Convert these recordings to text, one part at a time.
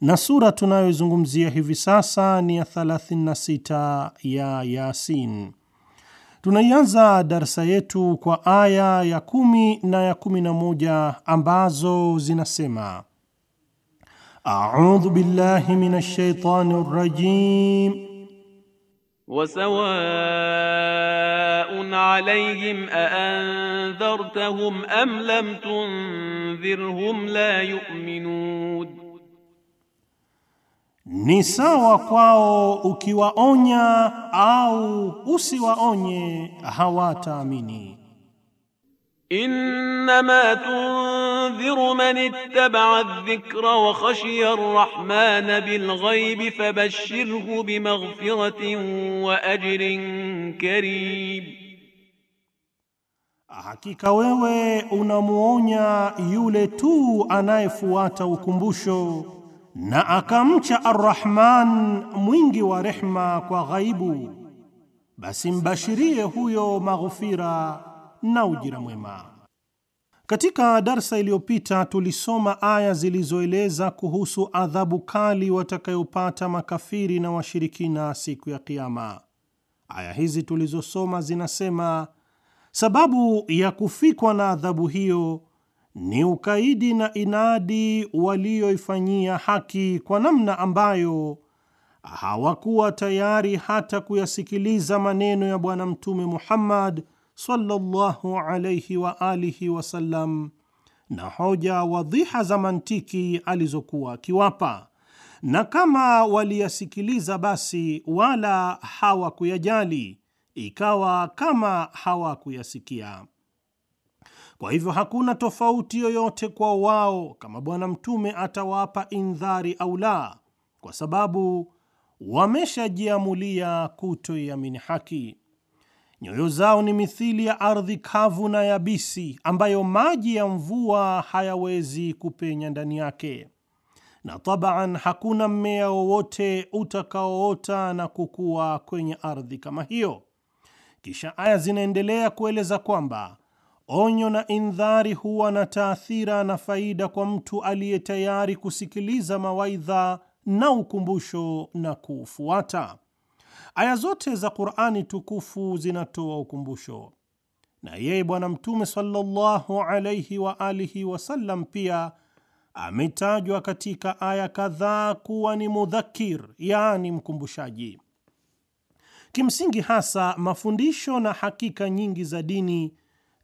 na sura tunayozungumzia hivi sasa ni ya 36 ya Yasin. Tunaianza darsa yetu kwa aya ya kumi na ya kumi na moja ambazo zinasema: audhu billahi minash shaitani rajim وسواء عليهم أأنذرتهم أم لم تنذرهم لا يؤمنون Ni sawa kwao ukiwaonya au usiwaonye hawataamini. إنما تنذر من اتبع الذكر وخشي الرحمن بالغيب فبشره بمغفرة وأجر كريم Hakika wewe unamuonya yule tu anayefuata ukumbusho na akamcha Arrahman mwingi wa rehma kwa ghaibu, basi mbashirie huyo maghfira na ujira mwema. Katika darsa iliyopita tulisoma aya zilizoeleza kuhusu adhabu kali watakayopata makafiri na washirikina siku ya kiama Aya hizi tulizosoma zinasema sababu ya kufikwa na adhabu hiyo ni ukaidi na inadi walioifanyia haki kwa namna ambayo hawakuwa tayari hata kuyasikiliza maneno ya Bwana Mtume Muhammad sallallahu alayhi wa alihi wasallam na hoja wadhiha za mantiki alizokuwa akiwapa, na kama waliyasikiliza basi wala hawakuyajali, ikawa kama hawakuyasikia. Kwa hivyo hakuna tofauti yoyote kwa wao kama Bwana Mtume atawapa indhari au la, kwa sababu wameshajiamulia kutoiamini haki. Nyoyo zao ni mithili ya ardhi kavu na yabisi ambayo maji ya mvua hayawezi kupenya ndani yake, na tabaan, hakuna mmea wowote utakaoota na kukua kwenye ardhi kama hiyo. Kisha aya zinaendelea kueleza kwamba Onyo na indhari huwa na taathira na faida kwa mtu aliye tayari kusikiliza mawaidha na ukumbusho na kuufuata. Aya zote za Qur'ani tukufu zinatoa ukumbusho, na yeye Bwana Mtume sallallahu alayhi wa alihi wasallam pia ametajwa katika aya kadhaa kuwa ni mudhakir, yaani mkumbushaji. Kimsingi hasa mafundisho na hakika nyingi za dini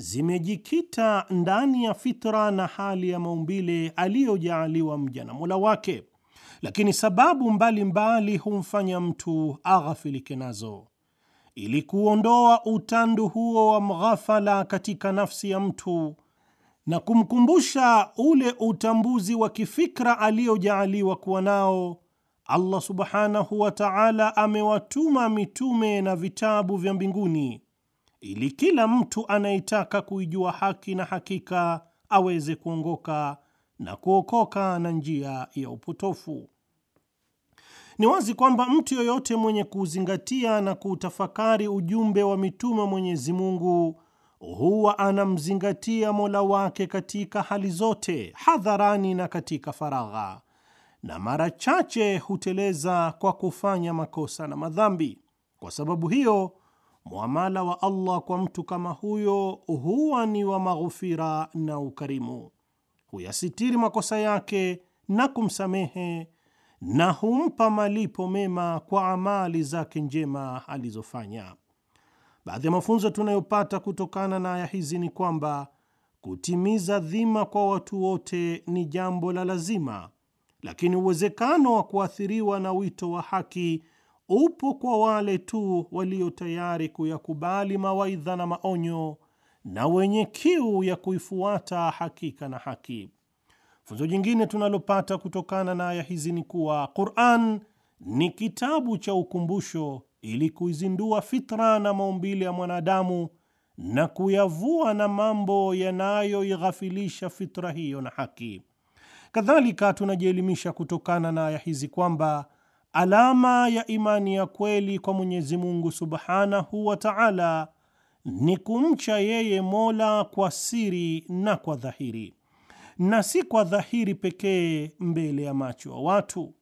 zimejikita ndani ya fitra na hali ya maumbile aliyojaaliwa mja na Mola wake, lakini sababu mbalimbali mbali humfanya mtu aghafilike nazo. Ili kuondoa utandu huo wa mghafala katika nafsi ya mtu na kumkumbusha ule utambuzi wa kifikra aliyojaaliwa kuwa nao, Allah subhanahu wa ta'ala amewatuma mitume na vitabu vya mbinguni ili kila mtu anayetaka kuijua haki na hakika aweze kuongoka na kuokoka na njia ya upotofu. Ni wazi kwamba mtu yoyote mwenye kuuzingatia na kuutafakari ujumbe wa mitume mwenyezimungu Mwenyezi Mungu huwa anamzingatia Mola wake katika hali zote, hadharani na katika faragha, na mara chache huteleza kwa kufanya makosa na madhambi. Kwa sababu hiyo Muamala wa Allah kwa mtu kama huyo huwa ni wa maghufira na ukarimu, huyasitiri makosa yake na kumsamehe na humpa malipo mema kwa amali zake njema alizofanya. Baadhi ya mafunzo tunayopata kutokana na aya hizi ni kwamba kutimiza dhima kwa watu wote ni jambo la lazima, lakini uwezekano wa kuathiriwa na wito wa haki upo kwa wale tu walio tayari kuyakubali mawaidha na maonyo na wenye kiu ya kuifuata hakika na haki. Funzo jingine tunalopata kutokana na aya hizi ni kuwa Quran ni kitabu cha ukumbusho ili kuizindua fitra na maumbile ya mwanadamu na kuyavua na mambo yanayoighafilisha fitra hiyo na haki. Kadhalika tunajielimisha kutokana na aya hizi kwamba Alama ya imani ya kweli kwa Mwenyezi Mungu Subhanahu wa Ta'ala ni kumcha yeye Mola kwa siri na kwa dhahiri, na si kwa dhahiri pekee mbele ya macho wa watu.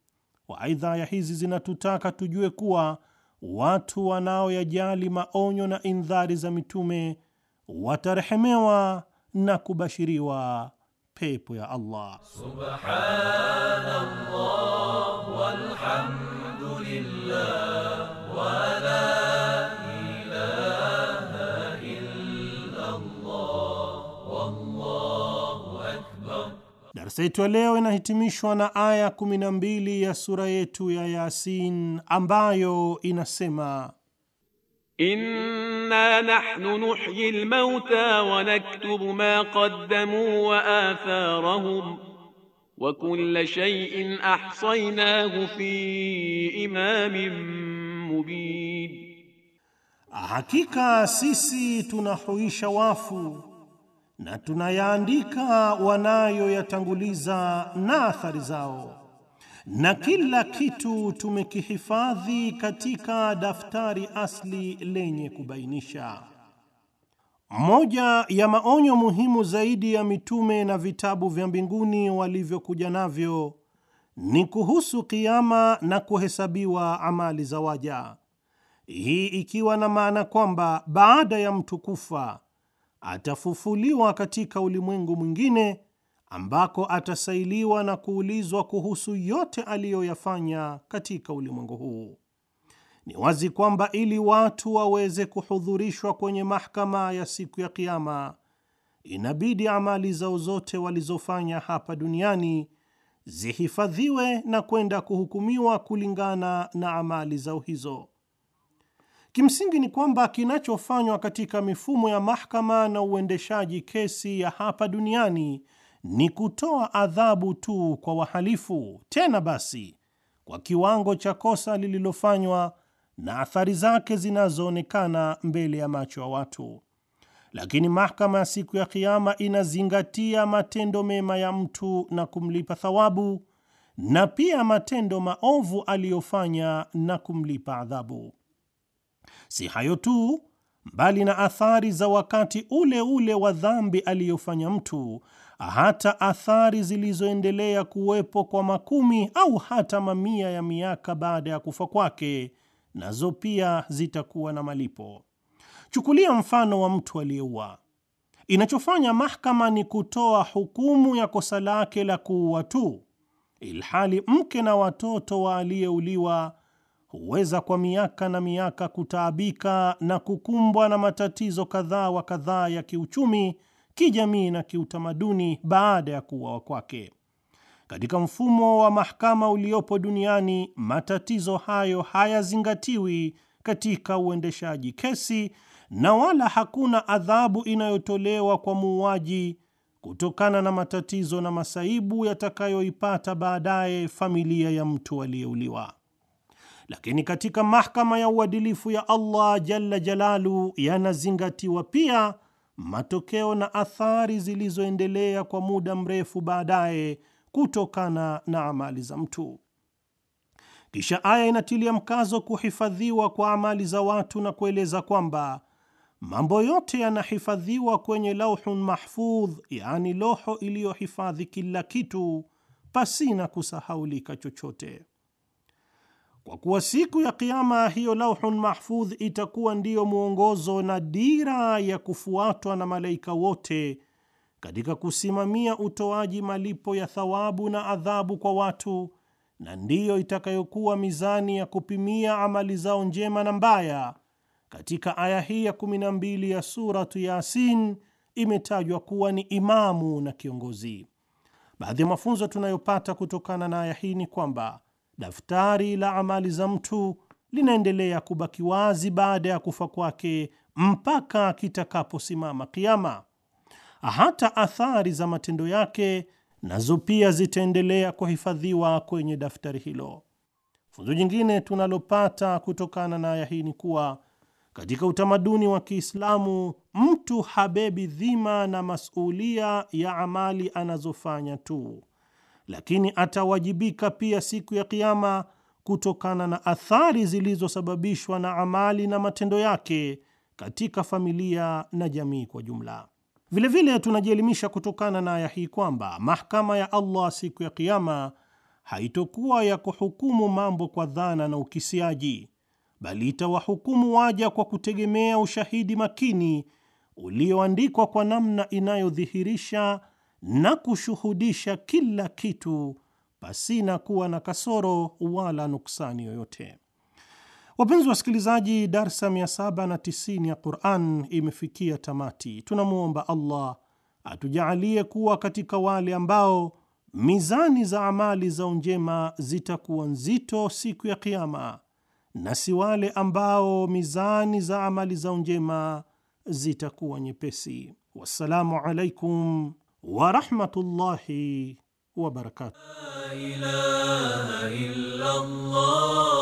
Waidha, aya hizi zinatutaka tujue kuwa watu wanaoyajali maonyo na indhari za mitume watarehemewa na kubashiriwa pepo ya Allah. Subhanallah walhamdulillah wa la ilaha illa Allah wallahu akbar. Darasa yetu ya leo inahitimishwa na aya 12 ya sura yetu ya Yasin ambayo inasema إنا نحن نحيي الموتى ونكتب ما قدموا وآثارهم وكل شيء أحصيناه في إمام مبين حقيقة سيسي تنحويش وافو na tunayaandika wanayoyatanguliza na athari zao na kila kitu tumekihifadhi katika daftari asli lenye kubainisha. Moja ya maonyo muhimu zaidi ya mitume na vitabu vya mbinguni walivyokuja navyo ni kuhusu kiama na kuhesabiwa amali za waja, hii ikiwa na maana kwamba baada ya mtu kufa atafufuliwa katika ulimwengu mwingine ambako atasailiwa na kuulizwa kuhusu yote aliyoyafanya katika ulimwengu huu. Ni wazi kwamba ili watu waweze kuhudhurishwa kwenye mahakama ya siku ya Kiama, inabidi amali zao zote walizofanya hapa duniani zihifadhiwe na kwenda kuhukumiwa kulingana na amali zao hizo. Kimsingi ni kwamba kinachofanywa katika mifumo ya mahakama na uendeshaji kesi ya hapa duniani ni kutoa adhabu tu kwa wahalifu, tena basi kwa kiwango cha kosa lililofanywa na athari zake zinazoonekana mbele ya macho ya watu. Lakini mahakama ya siku ya Kiama inazingatia matendo mema ya mtu na kumlipa thawabu, na pia matendo maovu aliyofanya na kumlipa adhabu. Si hayo tu, mbali na athari za wakati ule ule wa dhambi aliyofanya mtu hata athari zilizoendelea kuwepo kwa makumi au hata mamia ya miaka baada ya kufa kwake, nazo pia zitakuwa na malipo. Chukulia mfano wa mtu aliyeua. Inachofanya mahakama ni kutoa hukumu ya kosa lake la kuua tu, ilhali mke na watoto wa aliyeuliwa huweza kwa miaka na miaka kutaabika na kukumbwa na matatizo kadhaa wa kadhaa ya kiuchumi kijamii na kiutamaduni baada ya kuuawa kwake. Katika mfumo wa mahakama uliopo duniani, matatizo hayo hayazingatiwi katika uendeshaji kesi na wala hakuna adhabu inayotolewa kwa muuaji kutokana na matatizo na masaibu yatakayoipata baadaye familia ya mtu aliyeuliwa. Lakini katika mahakama ya uadilifu ya Allah jalla jalalu, yanazingatiwa pia matokeo na athari zilizoendelea kwa muda mrefu baadaye kutokana na amali za mtu. Kisha aya inatilia mkazo kuhifadhiwa kwa amali za watu na kueleza kwamba mambo yote yanahifadhiwa kwenye lauhun mahfudh, yaani loho iliyohifadhi kila kitu pasina kusahaulika chochote kwa kuwa siku ya Kiama hiyo lauhun mahfudh itakuwa ndiyo mwongozo na dira ya kufuatwa na malaika wote katika kusimamia utoaji malipo ya thawabu na adhabu kwa watu, na ndiyo itakayokuwa mizani ya kupimia amali zao njema na mbaya. Katika aya hii ya 12 ya suratu Yasin imetajwa kuwa ni imamu na kiongozi. Baadhi ya mafunzo tunayopata kutokana na aya hii ni kwamba daftari la amali za mtu linaendelea kubaki wazi baada ya kufa kwake mpaka kitakaposimama kiama. Hata athari za matendo yake nazo pia zitaendelea kuhifadhiwa kwenye daftari hilo. Funzo jingine tunalopata kutokana na aya hii ni kuwa katika utamaduni wa Kiislamu mtu habebi dhima na masulia ya amali anazofanya tu, lakini atawajibika pia siku ya Kiama kutokana na athari zilizosababishwa na amali na matendo yake katika familia na jamii kwa jumla. Vilevile tunajielimisha kutokana na aya hii kwamba mahakama ya Allah siku ya Kiama haitokuwa ya kuhukumu mambo kwa dhana na ukisiaji, bali itawahukumu waja kwa kutegemea ushahidi makini ulioandikwa kwa namna inayodhihirisha na kushuhudisha kila kitu pasina kuwa na kasoro wala nuksani yoyote. Wapenzi wasikilizaji, darsa 790 ya Quran imefikia tamati. Tunamwomba Allah atujaalie kuwa katika wale ambao mizani za amali za njema zitakuwa nzito siku ya Kiama, na si wale ambao mizani za amali za njema zitakuwa nyepesi. Wassalamu alaikum ورحمة الله وبركاته لا إله إلا الله